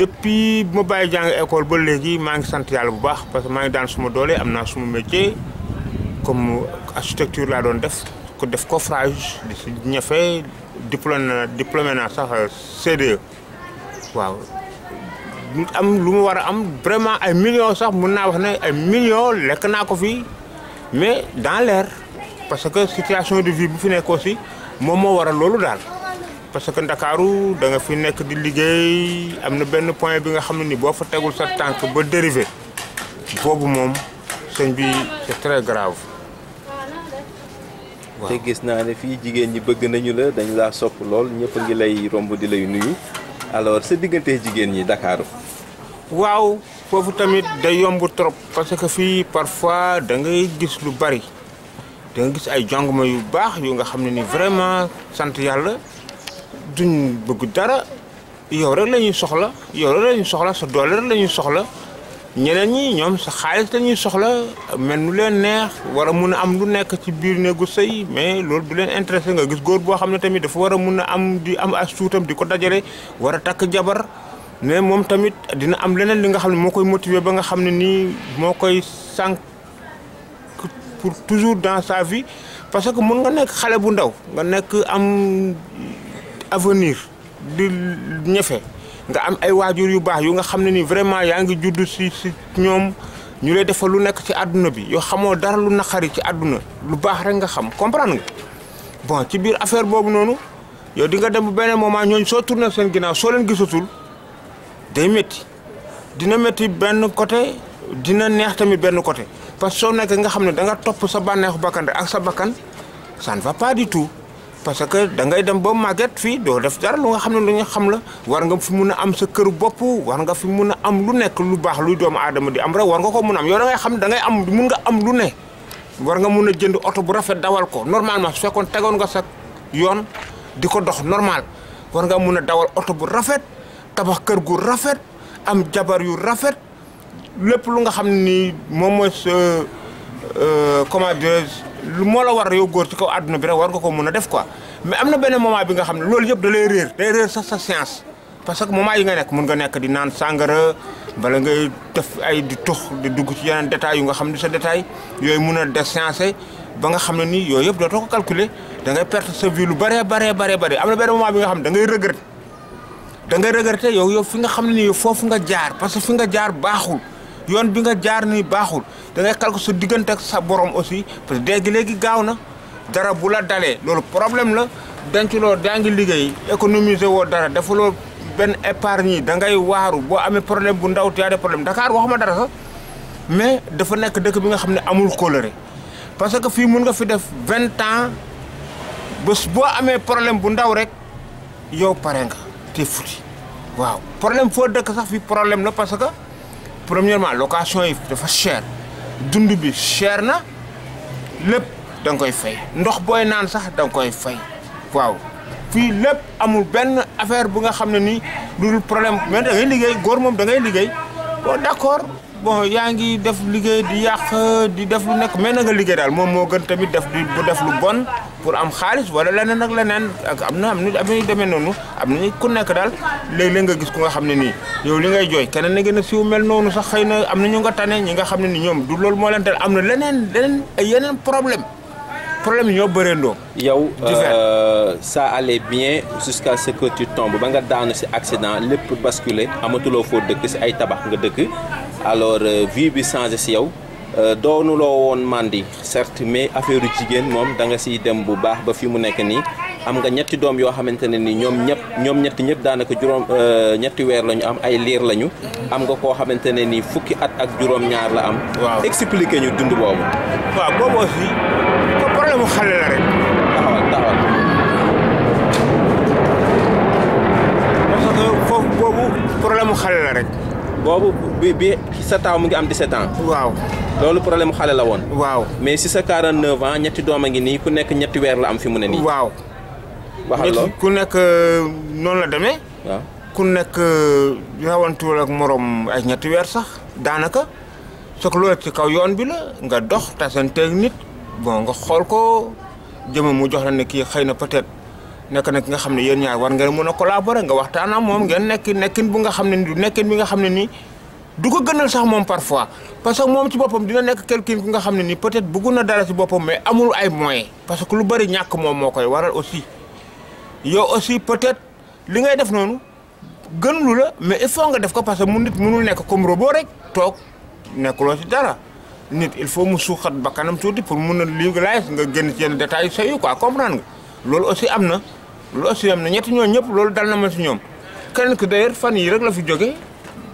depuis bu ma bàyyi jàng école ba léegi maa ngi sant yàlla bu baax parce que maa ngi daan suma doole am naa suma métier comme architecture laa doon def ko def coffrage di si ñafe diplôme na diplômé naa sax euh, CDE waaw am lu mu war a am vraiment ay millions sax mun naa wax ne ay millions lekk naa ko fii mais dans l'air parce que situation de vie bu fi nekk aussi moom moo war a loolu daal parce que Dakarou da nga fi nek di liggéey amna na benn point bi nga xamni ne ni boo fa tegul sa tank ba dériver bobu mom señ bi c'est très grave te gis na ne fi jigen ñi bëgg nañu la dañ la sopp lool ñepp ngi lay romb di lay nuyu alors sa digënté jigen ñi Dakarou waaw fofu tamit day yomb trop parce que fi parfois da ngay gis lu bari da nga gis ay jongoma yu bax yu nga xamni ni vraiment sante yalla duñ bëgg dara yow rek la ñuy soxla yow rek la ñuy soxla sa doole rek la ñuy soxla ñeneen ñi ñoom sa xaalis la ñuy soxla mel nu leen neex war a mun a am lu nekk ci biir néegu sëy mais loolu du leen intéressé nga gis góor boo xam ne tamit dafa war a mun a am di am as tuutam di ko dajale war a takk jabar mais moom tamit dina am leneen li nga xam ne moo koy motiver ba nga xam ne nii moo koy sànq pour toujours dans sa vie parce que mun nga nekk xale bu ndaw nga nekk am avenir du ñefe nga am ay wajur yu baax yu nga xamné ni vraiment ya nga judd ci si ñoom ñu lay defal lu nekk ci aduna bi yo xamoo dara lu naxari ci aduna lu baax rek nga xam comprendre nga bon ci biir affaire bobu nonu yo di nga dem benen moment ñoo so tourné sen ginaaw so leen gisatul day metti dina metti benn côté dina neex tamit benn côté parce que soo nekk nga xamné da nga top sa bànneexu bakkan ak sa bakkan ça ne va pas du tout. parce que da ngay dem ba màgget fi do def dara lu nga xamne lu nga xam la war nga fi mëna am sa kër bop war nga fi mëna am lu nekk lu bax lu doom adam di am rek war nga ko mëna am yow da ngay xam da ngay am mën nga am lu ne war nga mëna jënd auto bu rafet dawal ko normalement su fekkon tegoon nga sa yoon di dox normal war nga mëna dawal auto bu rafet tabax kër gu rafet am jabar yu rafet lepp lu nga xamni mom moy Euh, comment dirais-je lu moo la war yow góor ci kaw àdduna bi def quoi mais benn moment bi nga xam ne loolu yëpp da lay réer day réer sax sa science parce que moment yi nga nekk mun nga nekk di naan sàngara bala ngay def ay di tux di dugg ci yeneen détails yu nga xam sa détail yooyu mun a desciencer ba nga xam ne nii yooyu yëpp ko calculer da ngay perte sa vie lu bare bare bare bare amna na benn moment bi nga xam ne da ngay regretter da ngay regretter yow yow fi nga xam ne nii nga jaar parce que fi nga jaar baaxul yoon bi nga jaar ni baaxul da ngay kalku sa diggante ak sa borom aussi parce que dégg léegi gaaw na dara bu la dalee loolu problème la denculoo daa ngi liggéey économiser woo dara defaloo benn épargne da ngay waaru boo amee problème bu ndaw yaa problème Dakar waxuma dara sax mais dafa nekk dëkk bi nga xam amul coloré parce que fii mun nga fi def 20 ans bés boo amee problème bu ndaw rek yow pare nga te futi waaw problème foo dëkk sax fi problème la parce que premièrement location est dafa cher dund bi cher na lepp dang koy fay ndox boy nan sax dang koy fay waaw fi lepp amul ben affaire bu nga xamné ni dul problème mais da ngay liggéey góor moom da ngay liggéey bon d'accord bon yaangi def liggéey di yàq di def lu nek mais na nga liggéey dal mom mo gën tamit def di def lu bon pour am xaalis wala leneen ak leneen ak am na am na am nañu demee noonu am na ñu ku nekk daal léeg-léeg nga gis ko nga xam ne nii yow li ngay jooy keneen na gën a siiw mel noonu sax xëy na am na nga tane ñi nga xam ne ni ñoom du loolu moo leen am na leneen leneen yeneen problème problème yi ñoo yow euh, ça allait bien jusqu'à ce ba nga daanu ci accident lépp basculé amatuloo foo dëkk si ay tabax nga dëkk alors euh, vie bi changé si yow. Euh, doonuloo woon màndi certes mais affaire jigéen moom danga nga siy dem bu baax ba fi mu nekk nii am nga ñetti doom yoo xamante ne ni ñoom ñëpp ñoom ñetti ñëpp daanaka juróom euh, ñetti weer la am ay liir lañu. am nga koo xamante ne ni fukki at ak juróom-ñaar la am. waaw expliqué ñu dund boobu. waaw boobu aussi problème mu xale la rek. taxawal taxawal. parce que boobu problème xale la rek. bi bi 7 taaw mu ngi am 17 ans. waaw lolu problème xalé la won waaw mais si sa 49 ans ñetti doom ngi ni ku nekk ñetti weer la am fi mu ne ni waaw. waxal lo ku nekk non la démé waaw ku nekk rawantuwul wala morom ay ñetti weer sax danaka sok lo ci kaw yoon bi la nga dox ta tasanteeg nit bon nga xol ko jëm mu jox la ne kii xëy peut-être. nek nag nga xam yeen ñaar war ngeen mëna collaborer nga waxtaan ak moom ngeen nek nekkin bu nga xam ne du nekkin bi nga xam ne nii duko gënal sax mom parfois parce que mom ci bopam dina nek quelqu'un ki nga xamni ni peut-être bëggu na dara ci bopam mais amul ay moyens parce que lu bari ñak mom mo koy waral aussi yo aussi peut-être li ngay def nonu gënlu la mais il faut nga def ko parce que mu nit mënul nek comme robot rek toog nekkuloo ci dara nit il faut mu suuxat bakkanam tuti pour mëna a légaliser nga gën ci yenn détail sey quoi comprendre nga lool aussi amna lool aussi amna ñet ñoo ñep lool dal na ma ci ñom kenn ki d'ailleurs fan yi rek la fi joggé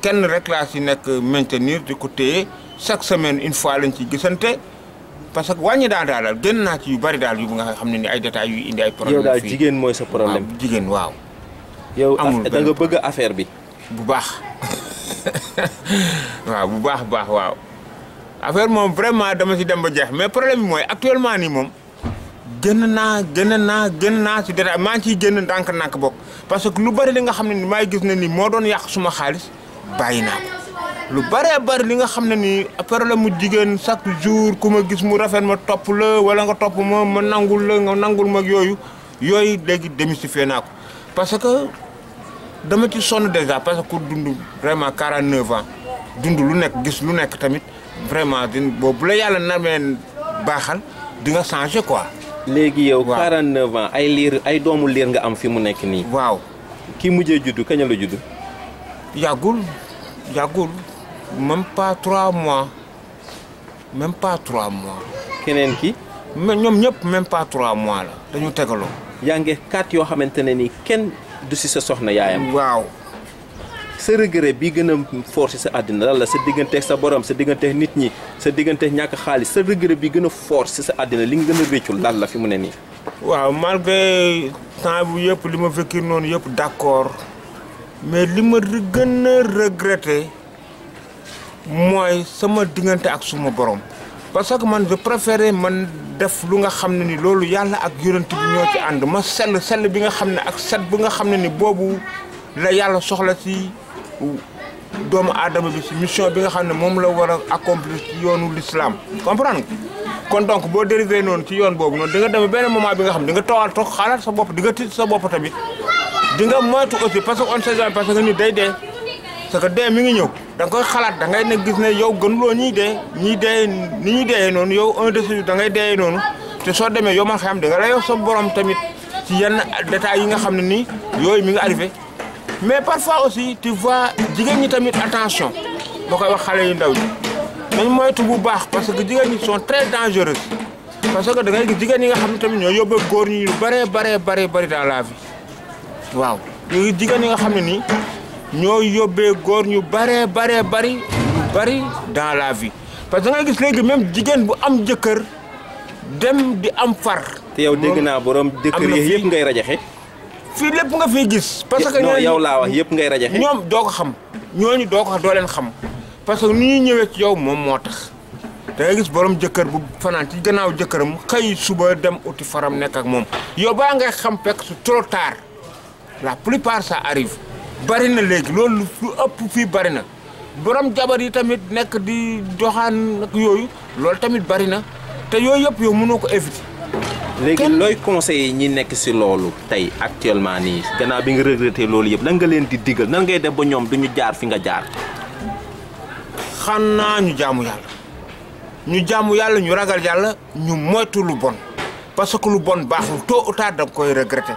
kenn rek la ci nek maintenir di côté chaque semaine une fois lañ ci gissante parce que wañi daal daal gën na ci yu bari dal yu nga xamni ni ay détails yu indi ay problème yow daal jigen moy sa problème jigen waaw yow da nga bëgg affaire bi bu baax waaw bu baax baax waaw affaire mom vraiment dama ci dem ba jeex mais problème moy actuellement ni mom gën na gën na gën na ci détail ma ci gën génn nak bok parce que lu bari li nga xamni may gis na ni mo doon yak suma xaliss bàyyi ko lu bare bare li nga xamne ni nii la mu jigéen chaque jour kuma gis mu rafet ma top le wala nga top ma ma nangul le nga nangul mak yoyu yoy deg démystifié naa ko parce que dama ci sonu déjà parce que dund vraiment 49 ans dund lu nek gis lu nek tamit vraiment din boobu la yalla namen baxal di nga changer quoi. légui yow. 49 ans ay liir ay doomu lire nga am fi mu nek ni waaw. ki mujjé juddu kañ la juddu. yàggul yàggul man pas trois mois même pas trois mois. keneen ki. mais ñoom ñëpp même pas trois mois la dañu tegaloo. yaa ngi quatre yoo xamante ne ni kenn du si sa soxna yaayam. waaw. sa regret bi gën a fort si sa àddina lan la sa digganteeg sa borom sa digganteeg nit ñi sa digganteeg ñàkk xaalis sa regret bi gën a fort si sa àddina li nga gën a réccul lan la fi mu ne nii. waaw malgré temps bu yëpp li ma fekkir noonu yëpp d'accord. mais li ma gën a regretté mooy sama diggante ak suma borom parce que man je préférais man def lu nga xam ne ni loolu yàlla ak yonent bu ñoo ci ànd ma sell sell bi nga xam ne ak set bi nga xam ne ni boobu la yàlla soxla ci doomu aadama bi ci mission bi nga xam ne moom la war a accomplir ci yoonu l'islam comprendre nga kon donc boo dérivé noonu ci yoon boobu noonu di nga dem benn moment bi nga xam ne di nga toogal toog xalaat sa bopp di nga tiit sa bopp tamit di nga moytu aussi parce que on sait jamais parce que nit day dee parce que dee mi ngi ñëw da nga koy xalaat da ngay ne gis ne yow gënuloo ñuy dee ñuy dee ni ñuy dee noonu yow un de da ngay dee noonu te soo demee yow man xam da nga layoo sa borom tamit ci yenn détails yi nga xam ne nii yooyu mi ngi arrivé mais parfois aussi tu vois jigéen ñi tamit attention boo koy wax xale yu ndaw yi dañ moytu bu baax parce que jigéen ñi sont très dangereuses parce que da ngay gis jigéen ñi nga xam ne tamit ñoo yóbbee góor ñi lu bëree baree bëri dans la vie Wow, ñooy digal yi nga xam ne nii ñoo yóbbee ñu bare bare bari bari dans la vie parce que da nga gis léegi même jigéen bu am jëkkër dem di am far. te yow dégg naa borom jëkkër yi yëpp ngay rajaxe. fii lépp nga fi gis. parce que ñooñu yow laa wax yëpp ngay rajaxe. ñoom doo ko xam ñooñu doo ko doo leen xam parce que ni ñuy ñëwee ci yow moom moo tax. da ngay gis borom jëkkër bu fanaan ci gannaaw jëkkëram xëy suba dem uti faram nekk ak moom. yow baa ngay xam fekk su trop tard la plupart ça arrive barina na lolou loolu lu ëpp fii borom jabar yi tamit nek di doxaan ak yoyu lolou tamit barina te yoyu yëpp yow mënoko éviter. légui loy conseiller ñi nek si lolou tay actuellement ni gëna bi nga regretté lolou yëpp nan nga leen di diggal nan ngay def ba ñom duñu jaar fi nga jaar. xanaa ñu jaamu yalla ñu jaamu yalla ñu ragal yalla ñu moytu lu bon parce que lu bon baaxul tôt ou tard da koy regretter.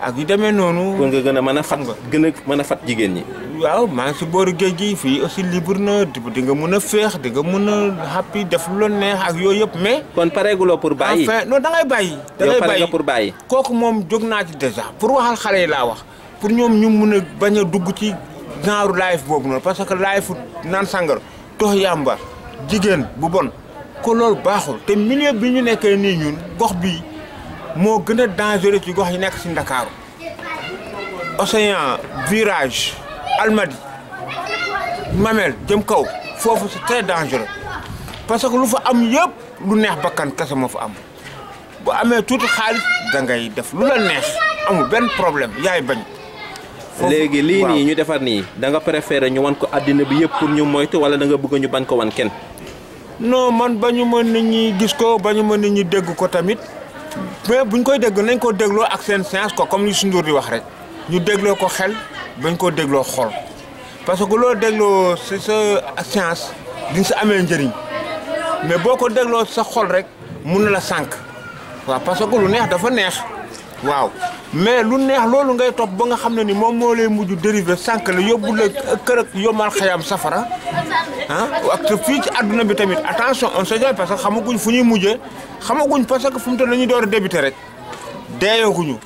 ak yu demee noonu. kon nga gën a mën a fat gën a mën a fat jigéen ñi. waaw maa ngi si booru géej aussi libre na di nga mun a di nga mun a happy def lu neex ak yooyu yëpp mais. kon pareeguloo pour bàyyi enfin non da ngay bàyyi. da ngay bàyyi pour bàyyi. kooku moom jóg naa ci dèjà pour waxal xale yi wax pour ñoom ñu a dugg ci genre life boobu noonu parce que life naan sangar tox yàmba ya, jigéen bu bon ko loolu baaxul te milieu bi ñu nekkee nii ñun gox bii mo gëna dangereux ci gox yi nek ci dakar océan virage almadi mamel jëm kaw fofu c'est très dangereux parce que lu fa am yépp lu neex bakkan kese mo fa am bu amé tout xaalis da ngay def lu la neex amu ben problème yaay bañ légui li ni ñu défar ni da nga préférer ñu wan ko adina bi yépp pour ñu moytu wala da nga bëgg ñu ban ko wan kenn non man bañuma nit ñi gis ko bañuma nit ñi dégg ko tamit mais buñ koy déglu nañ koo dégloo ak seen science ko comme li sunduur di wax rek ñu dégloo ko xel bañ koo dégloo xol parce que loo dégloo si sa science di sa amee njëriñ mais boo ko dégloo sa xol rek mun na la sànq waaw parce que lu neex dafa neex waaw mais lu neex loolu ngay topp ba nga xam ne ni moom moo lay mujj dérivé sànq la yóbbu la kër ak yomal xayaam safara ah ak te fii ci bi tamit attention on sait parce que xamaguñ fu ñuy mujjee xamaguñ parce que fu mu toll nañu door a débuté rek deeyaguñu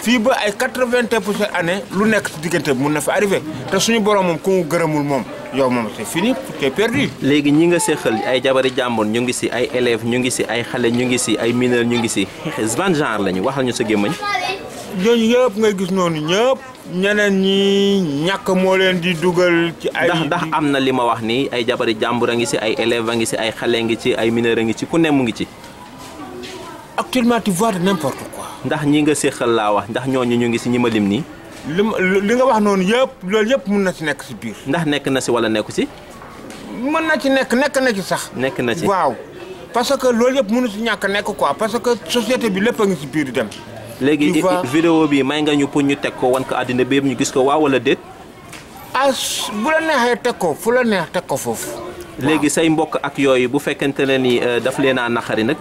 fii ba ay quatre-vingt pour cent année lu nekk ci diggante bi mun na fa arrivé te suñu borom moom ku mu gërëmul moom yow moom c'est fini c'est perdu. léegi ñi nga seqal ay jabari jàmbur ñu ngi si ay élèves ñu ngi si ay xale ñu ngi si ay mineurs ñu ngi si ban genre lañu waxal ñu sa gémmañ ñooñu yëpp ngay gis noonu ñëpp ñeneen ñi ñàkk moo leen di dugal ci ay ndax ndax am na li ma wax ni ay jabari jàmbur a ngi si ay élève a ngi si ay xale ngi ci ay mineur a ngi ci ku ne mu ngi ci actuellement tu vois de n'importe quoi ndax ñi nga séxal laa wax ndax ñooñu ñu ngi si ñi ma lim ni li nga wax noonu yëpp loolu yëpp mun na ci nekk si biir ndax nekk na si wala nekku si mën na ci nekk nekk na ci sax nekk na ci waaw parce que loolu yëpp mënu si ñàkk nekk quoi parce que société bi lépp a ngi si biir dem léegi vidéo bi may nga ñu pour ñu teg ko wan ko àddina bi yëpp ñu gis ko waaw wala déet. ah bu la neexee teg ko fu la neex teg ko foofu. léegi say mbokk ak yooyu bu fekkente ne ni euh, daf leen a naqari nag.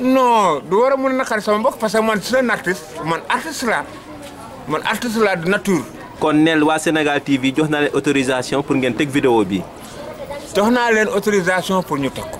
non du war a mun a naqari sama mbokk parce que man c'est un artiste man artiste la man artiste la de nature. kon nel waa Sénégal TV jox na leen autorisation pour ngeen teg vidéo bi. jox naa pour ñu teg ko.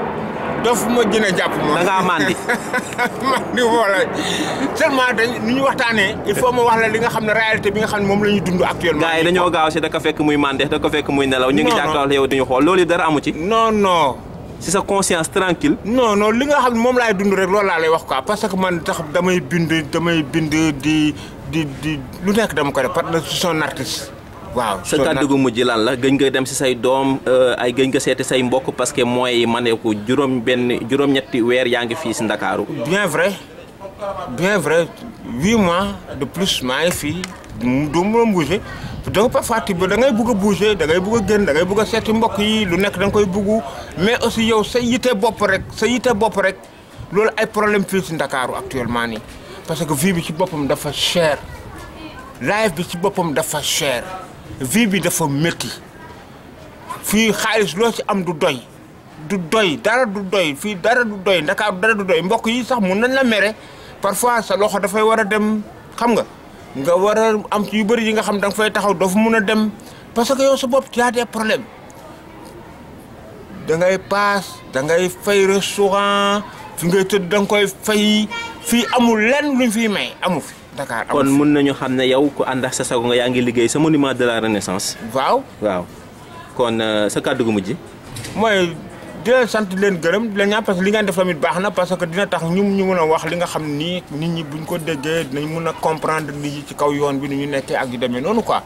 dof ma gën a jàpp moom da ngaa mandi mandi wala seulement dañ ni ñu waxtaanee il faut ma wax la li nga xam ne réalité bi nga xam ne moom la ñu dund actuellement gars yi dañoo gaaw si da fekk muy mande fekk muy nelaw ngi jàkkaarloo yow diñu xool loolu dara si sa conscience tranquille non non li nga xam moom laay dund rek loolu laa lay wax quoi parce que man tax damay bind damay bind di di di lu nekk dama ko def parce que je suis waaw sa kàddu gu mujj la gëñ nga dem si say doom eh, ay gëñ nga seeti say mbokk parce que mooy maneeku juróom benn juróom ñetti weer yaa ngi fii si ndakaaru bien vrai bien vrai huit mois de plus maa ngi fii doo mën bouger donc parfois tu da ngay bëgg a bouger da ngay bëgg a génn da ngay bëgg a seeti mbokk yi lu nekk da nga koy bëggu mais aussi yow sa yite bopp rek sa yite bopp rek loolu ay problème fii si ndakaaru actuellement nii parce que vie bi ci boppam dafa cher life bi ci boppam dafa cher vie bi dafa metti fi xaalis lo ci am du doy du doy dara du doy fi dara du doy ndaka dara du doy mbok yi sax mun nañ la méré parfois sa loxo da fay wara dem xam nga nga wara am am yu bari yi nga xam dang fay taxaw do fu mëna dem parce que yow sa bop ci a des problèmes da ngay pass da ngay fay restaurant fi ngay tëdd dang koy fay fi amul lenn luñ fi may amul fi Dakar kon mën nañu xamné yow ku ànd ak sa sago nga yaangi liggéey sa monument de la renaissance waaw waaw kon euh, sa kàddu gu dia mooy di leen sant leen gërëm di leen ñaan parce que li def tamit baax na parce que dina tax ñu ñu mën a wax li nga xam ni nit ñi buñ ko déggee dinañ mën a comprendre li ci kaw yoon bi ni ñu nekkee ak yu demee noonu quoi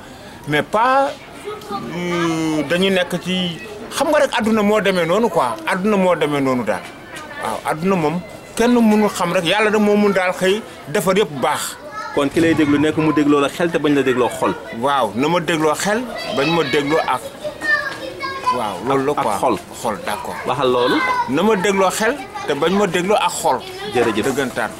mais pas euh, dañu nekk ci xam nga rek aduna moo demee noonu quoi aduna moo demee noonu daal waaw aduna moom kenn mënul xam rek yàlla da moo mun daal xëy defar yëpp baax kon ki lay déglu nekk mu dégloo la xel te bañ la dégloo xol. waaw na ma dégloo xel bañ ma dégloo ak. waaw loolu la ko ak xol xol d'accord. waxal loolu. na ma dégloo xel te bañ ma dégloo ak xol. jërëjëf dëggantaan.